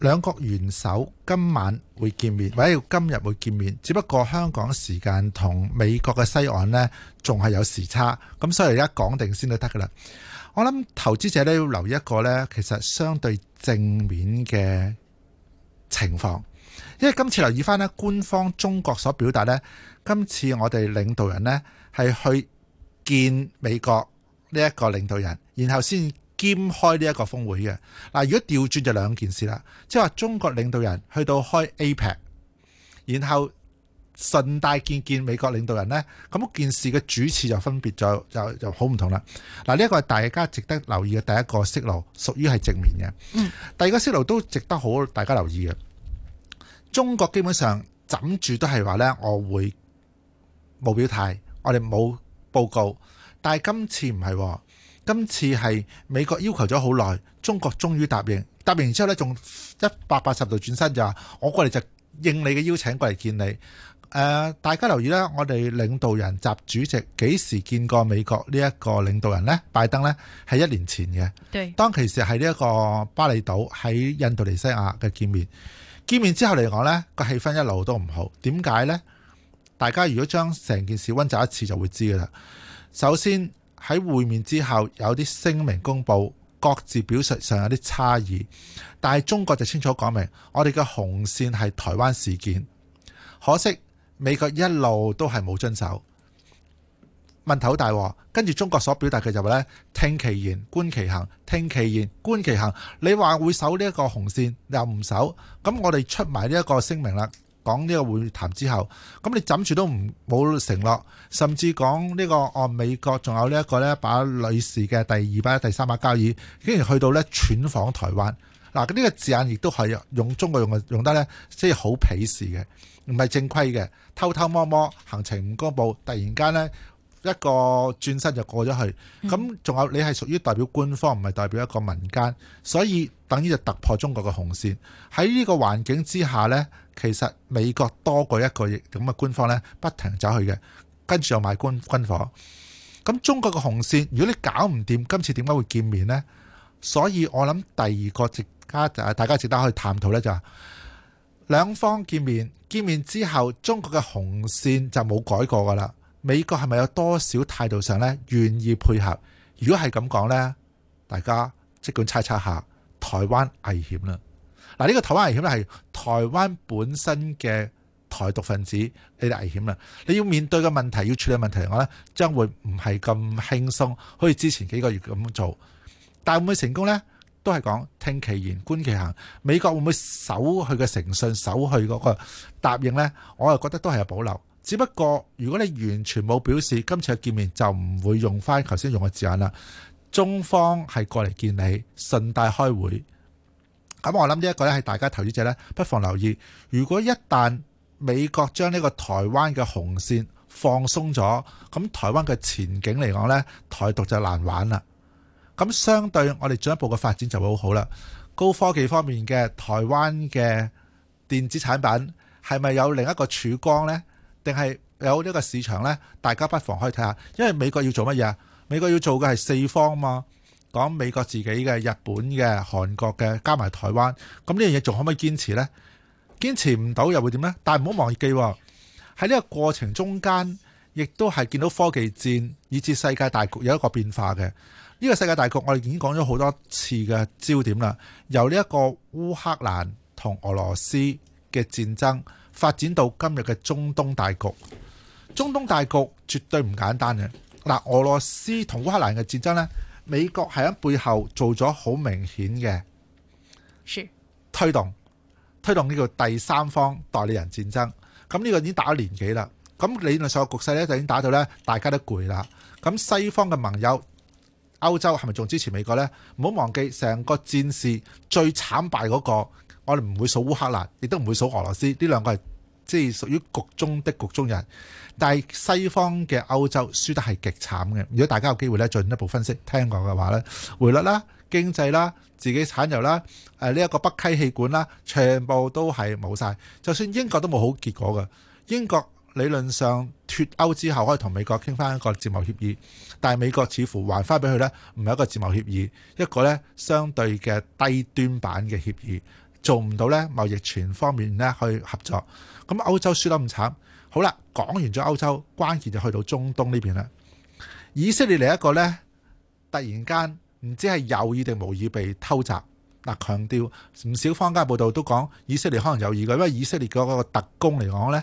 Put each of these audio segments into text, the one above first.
兩國元首今晚會見面，或者今日會見面，只不過香港時間同美國嘅西岸呢，仲係有時差，咁所以而家講定先都得噶啦。我諗投資者呢要留意一個呢，其實相對正面嘅情況，因為今次留意翻呢，官方中國所表達呢，今次我哋領導人呢，係去見美國呢一個領導人，然後先。兼開呢一個峰會嘅。嗱，如果調轉就兩件事啦，即係話中國領導人去到開 APEC，然後順帶見見美國領導人呢，咁件事嘅主次就分別就就就好唔同啦。嗱，呢一個係大家值得留意嘅第一個思路，屬於係正面嘅。嗯。第二個思路都值得好大家留意嘅。中國基本上枕住都係話呢：「我會冇表態，我哋冇報告」，但係今次唔係，哦。今次係美國要求咗好耐，中國終於答應，答應之後呢，仲一百八十度轉身就話：我過嚟就應你嘅邀請過嚟見你。誒、呃，大家留意啦，我哋領導人習主席幾時見過美國呢一個領導人呢？拜登呢係一年前嘅。對，當其時係呢一個巴厘島喺印度尼西亞嘅見面，見面之後嚟講呢，個氣氛一路都唔好。點解呢？大家如果將成件事温習一次就會知㗎喇。首先喺會面之後有啲聲明公佈，各自表述上有啲差異，但係中國就清楚講明我哋嘅紅線係台灣事件。可惜美國一路都係冇遵守，問題好大。跟住中國所表達嘅就話、是、咧，聽其言觀其行，聽其言觀其行。你話會守呢一個紅線又唔守，咁我哋出埋呢一個聲明啦。講呢個會談之後，咁你枕住都唔冇承諾，甚至講呢、這個按、哦、美國仲有呢一個呢，把女士嘅第二把、第三把交椅，竟然去到呢竄訪台灣。嗱、啊，呢、這個字眼亦都係用中國用嘅，用得呢，即係好鄙視嘅，唔係正規嘅，偷偷摸摸，行程唔公布，突然間呢一個轉身就過咗去。咁仲有你係屬於代表官方，唔係代表一個民間，所以等於就突破中國嘅紅線。喺呢個環境之下呢。其實美國多過一個咁嘅官方呢，不停走去嘅，跟住又賣軍軍火。咁中國嘅紅線，如果你搞唔掂，今次點解會見面呢？所以我諗第二個即家，誒，大家值得去探討呢、就是，就兩方見面，見面之後，中國嘅紅線就冇改過噶啦。美國係咪有多少態度上呢願意配合？如果係咁講呢，大家即管猜測下，台灣危險啦。嗱，呢個台灣危險咧，係台灣本身嘅台獨分子，你哋危險啦。你要面對嘅問題，要處理嘅問題嚟講咧，將會唔係咁輕鬆，好似之前幾個月咁做。但會唔會成功呢？都係講聽其言，觀其行。美國會唔會守佢嘅誠信，守佢嗰個答應呢？我係覺得都係有保留。只不過如果你完全冇表示，今次嘅見面就唔會用翻頭先用嘅字眼啦。中方係過嚟見你，順帶開會。咁我諗呢一個咧係大家投資者呢，不妨留意。如果一旦美國將呢個台灣嘅紅線放鬆咗，咁台灣嘅前景嚟講呢，台獨就難玩啦。咁相對我哋進一步嘅發展就會好好啦。高科技方面嘅台灣嘅電子產品係咪有另一個曙光呢？定係有呢個市場呢？大家不妨可以睇下，因為美國要做乜嘢啊？美國要做嘅係四方嘛。講美國自己嘅、日本嘅、韓國嘅，加埋台灣，咁呢樣嘢仲可唔可以堅持呢？堅持唔到又會點呢？但係唔好忘記喎、哦，喺呢個過程中間，亦都係見到科技戰以至世界大局有一個變化嘅。呢個世界大局我哋已經講咗好多次嘅焦點啦。由呢一個烏克蘭同俄羅斯嘅戰爭發展到今日嘅中東大局，中東大局絕對唔簡單嘅。嗱，俄羅斯同烏克蘭嘅戰爭呢。美國係喺背後做咗好明顯嘅推動，推動呢個第三方代理人戰爭。咁呢個已經打咗年幾啦。咁理論上個局勢咧就已經打到咧大家都攰啦。咁西方嘅盟友，歐洲係咪仲支持美國呢？唔好忘記，成個戰事最慘敗嗰、那個，我哋唔會數烏克蘭，亦都唔會數俄羅斯呢兩個係。即係屬於局中的局中人，但係西方嘅歐洲輸得係極慘嘅。如果大家有機會咧，進一步分析，聽講嘅話咧，匯率啦、經濟啦、自己產油啦、誒呢一個北溪氣管啦，全部都係冇晒。就算英國都冇好結果㗎。英國理論上脫歐之後可以同美國傾翻一個自貿協議，但係美國似乎還翻俾佢咧，唔係一個自貿協議，一個咧相對嘅低端版嘅協議。做唔到呢，貿易全方面呢去合作。咁歐洲輸得咁慘，好啦，講完咗歐洲，關鍵就去到中東呢邊啦。以色列嚟一個呢，突然間唔知係有意定無意被偷襲。嗱，強調唔少坊間報道都講以色列可能有意嘅，因為以色列嗰個特工嚟講呢，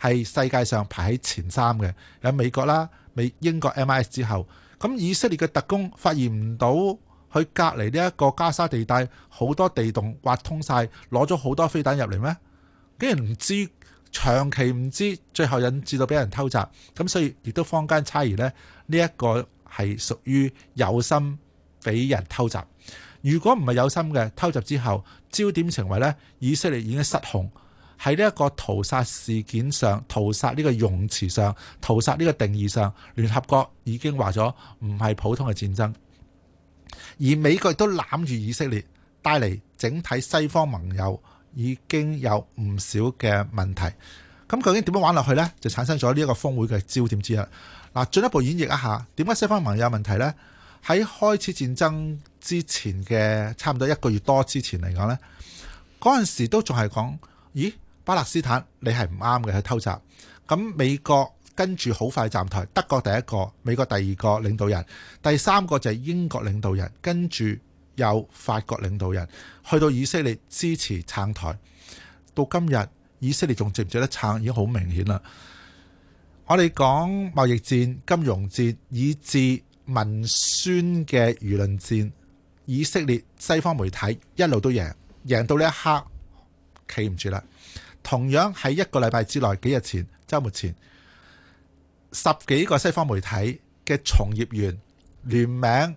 係世界上排喺前三嘅，有美國啦、美英國 MIS 之後。咁以色列嘅特工發現唔到。佢隔離呢一個加沙地帶，好多地洞挖通晒，攞咗好多飛彈入嚟咩？竟然唔知長期唔知，最後引致到俾人偷襲，咁所以亦都坊間猜疑呢，呢一個係屬於有心俾人偷襲。如果唔係有心嘅偷襲之後，焦點成為呢，以色列已經失控喺呢一個屠殺事件上，屠殺呢個用詞上，屠殺呢個定義上，聯合國已經話咗唔係普通嘅戰爭。而美國亦都攬住以色列，帶嚟整體西方盟友已經有唔少嘅問題。咁究竟點樣玩落去呢？就產生咗呢一個峰會嘅焦點之一。嗱，進一步演繹一下，點解西方盟友問題呢？喺開始戰爭之前嘅差唔多一個月多之前嚟講呢，嗰陣時都仲係講，咦，巴勒斯坦你係唔啱嘅去偷襲，咁美國。跟住好快站台，德國第一個，美國第二個領導人，第三個就係英國領導人，跟住有法國領導人，去到以色列支持撐台。到今日以色列仲值唔值得撐已經好明顯啦。我哋講貿易戰、金融戰，以至民宣嘅輿論戰，以色列西方媒體一路都贏，贏到呢一刻企唔住啦。同樣喺一個禮拜之內，幾日前週末前。十幾個西方媒體嘅從業員聯名，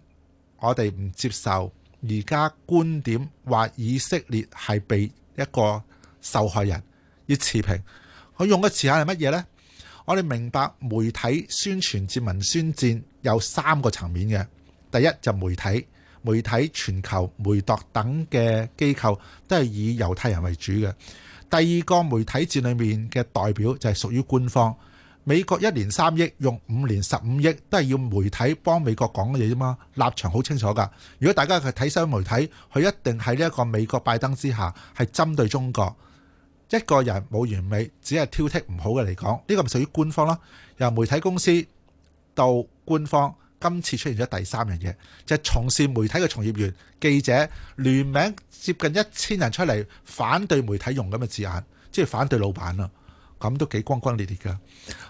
我哋唔接受而家觀點話以色列係被一個受害人要持平，佢用嘅詞眼係乜嘢呢？我哋明白媒體宣傳、殖文宣戰有三個層面嘅。第一就媒體，媒體全球媒鐸等嘅機構都係以猶太人為主嘅。第二個媒體戰裏面嘅代表就係屬於官方。美國一年三億，用五年十五億，都係要媒體幫美國講嘅嘢啫嘛。立場好清楚噶。如果大家去睇新媒體，佢一定喺呢一個美國拜登之下，係針對中國。一個人冇完美，只係挑剔唔好嘅嚟講，呢、這個唔屬於官方啦。由媒體公司到官方，今次出現咗第三樣嘢，就係、是、從事媒體嘅從業員、記者聯名接近一千人出嚟反對媒體用咁嘅字眼，即係反對老闆。咁都幾轟轟烈烈㗎。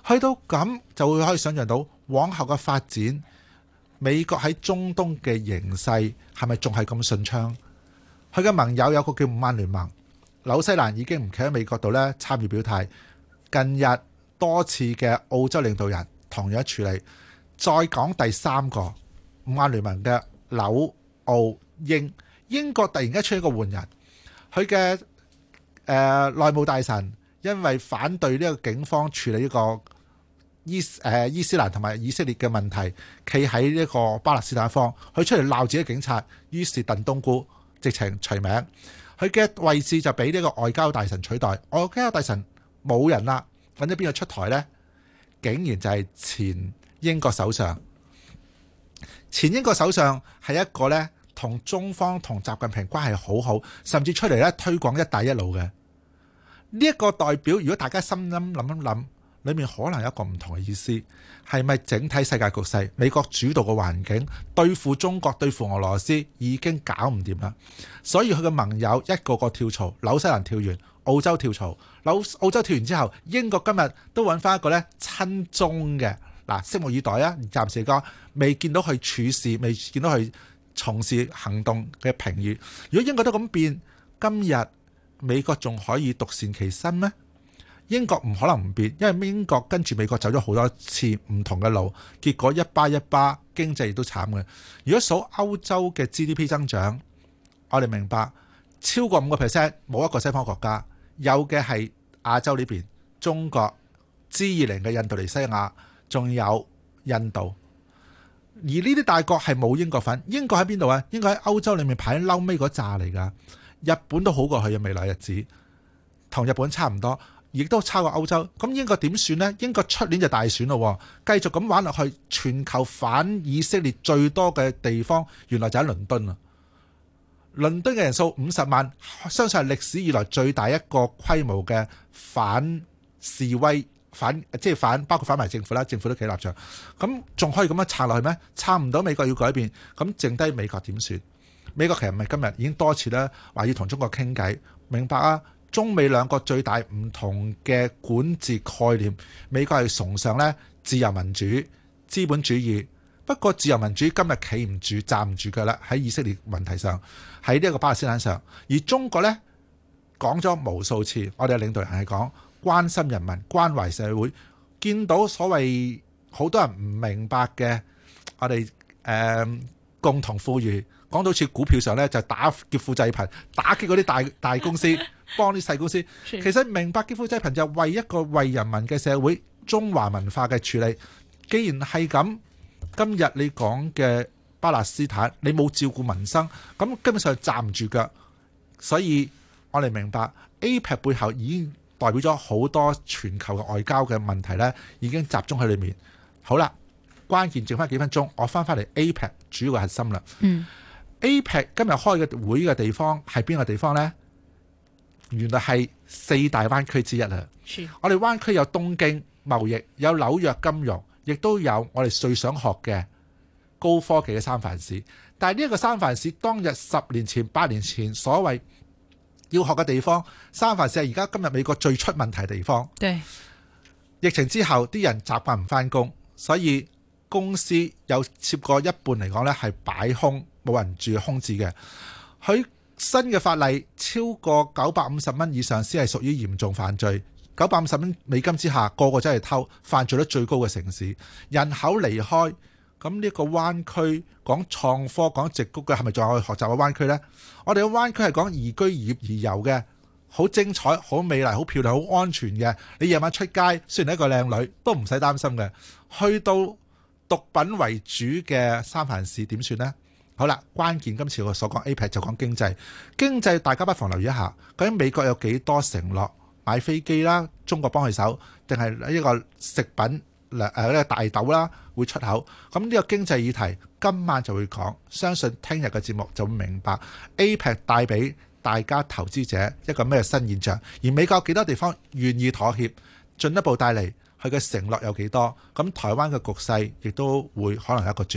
去到咁就會可以想像到往後嘅發展，美國喺中東嘅形勢係咪仲係咁順暢？佢嘅盟友有個叫五眼聯盟，紐西蘭已經唔企喺美國度咧參與表態。近日多次嘅澳洲領導人同樣處理。再講第三個五眼聯盟嘅紐澳英，英國突然間出一個換人，佢嘅誒內務大臣。因為反對呢個警方處理呢個伊誒、呃、伊斯蘭同埋以色列嘅問題，企喺呢個巴勒斯坦方，佢出嚟鬧自己警察，於是鄧東姑直情除名，佢嘅位置就俾呢個外交大臣取代。外交大臣冇人啦，揾咗邊個出台呢？竟然就係前英國首相。前英國首相係一個呢，同中方同習近平關係好好，甚至出嚟咧推廣一帶一路嘅。呢一個代表，如果大家心諗諗一諗，裏面可能有一個唔同嘅意思，係咪整體世界局勢美國主導嘅環境對付中國對付俄羅斯已經搞唔掂啦？所以佢嘅盟友一個個跳槽，紐西蘭跳完，澳洲跳槽，澳洲跳完之後，英國今日都揾翻一個咧親中嘅，嗱，拭目以待啊！暫時講未見到佢處事，未見到佢從事行動嘅評語。如果英國都咁變，今日。美國仲可以獨善其身咩？英國唔可能唔變，因為英國跟住美國走咗好多次唔同嘅路，結果一巴一巴經濟亦都慘嘅。如果數歐洲嘅 GDP 增長，我哋明白超過五個 percent 冇一個西方國家，有嘅係亞洲呢邊中國、G 二零嘅印度尼西亞，仲有印度。而呢啲大國係冇英國份，英國喺邊度啊？英國喺歐洲裡面排喺嬲尾嗰扎嚟㗎。日本都好過佢嘅未來日子，同日本差唔多，亦都差過歐洲。咁英國點算呢？英國出年就大選咯，繼續咁玩落去。全球反以色列最多嘅地方，原來就喺倫敦啊！倫敦嘅人數五十萬，相信係歷史以來最大一個規模嘅反示威反，即係反包括反埋政府啦，政府都企立場。咁仲可以咁樣撐落去咩？撐唔到美國要改變，咁剩低美國點算？美國其實唔係今日已經多次咧話要同中國傾偈，明白啊？中美兩個最大唔同嘅管治概念，美國係崇尚咧自由民主資本主義。不過自由民主今日企唔住站唔住腳啦，喺以色列問題上，喺呢個巴勒斯坦上，而中國呢，講咗無數次，我哋嘅領導人係講關心人民、關懷社會，見到所謂好多人唔明白嘅，我哋誒、呃、共同富裕。講到似股票上咧，就是，打劫富濟貧，打擊嗰啲大大公司，幫啲細公司。 其實明白劫富濟貧就為一個為人民嘅社會，中華文化嘅處理。既然係咁，今日你講嘅巴勒斯坦，你冇照顧民生，咁根本上站唔住腳。所以我哋明白 APEC 背後已經代表咗好多全球嘅外交嘅問題呢，已經集中喺裏面。好啦，關鍵剩翻幾分鐘，我翻翻嚟 APEC 主要嘅核心啦。嗯。APEC 今日開嘅會嘅地方係邊個地方呢？原來係四大灣區之一啊。我哋灣區有東京貿易，有紐約金融，亦都有我哋最想學嘅高科技嘅三藩市。但係呢個三藩市，當日十年前、八年前所謂要學嘅地方，三藩市係而家今日美國最出問題嘅地方。對。疫情之後，啲人習慣唔翻工，所以公司有超過一半嚟講呢係擺空。冇人住，空置嘅。佢新嘅法例超過九百五十蚊以上先係屬於嚴重犯罪。九百五十蚊美金之下，個個真係偷，犯罪率最高嘅城市人口離開。咁呢個灣區講創科講矽谷嘅係咪仲有去學習嘅灣區咧？我哋嘅灣區係講宜居宜業宜遊嘅，好精彩、好美麗、好漂亮、好安全嘅。你夜晚出街雖然係一個靚女，都唔使擔心嘅。去到毒品為主嘅三藩市點算咧？好啦，關鍵今次我所講 APEC 就講經濟，經濟大家不妨留意一下。究竟美國有幾多承諾買飛機啦？中國幫佢手，定係呢個食品誒呢個、呃、大豆啦會出口？咁呢個經濟議題今晚就會講，相信聽日嘅節目就會明白 APEC 帶俾大家投資者一個咩新現象？而美國有幾多地方願意妥協，進一步帶嚟佢嘅承諾有幾多？咁台灣嘅局勢亦都會可能有一個轉。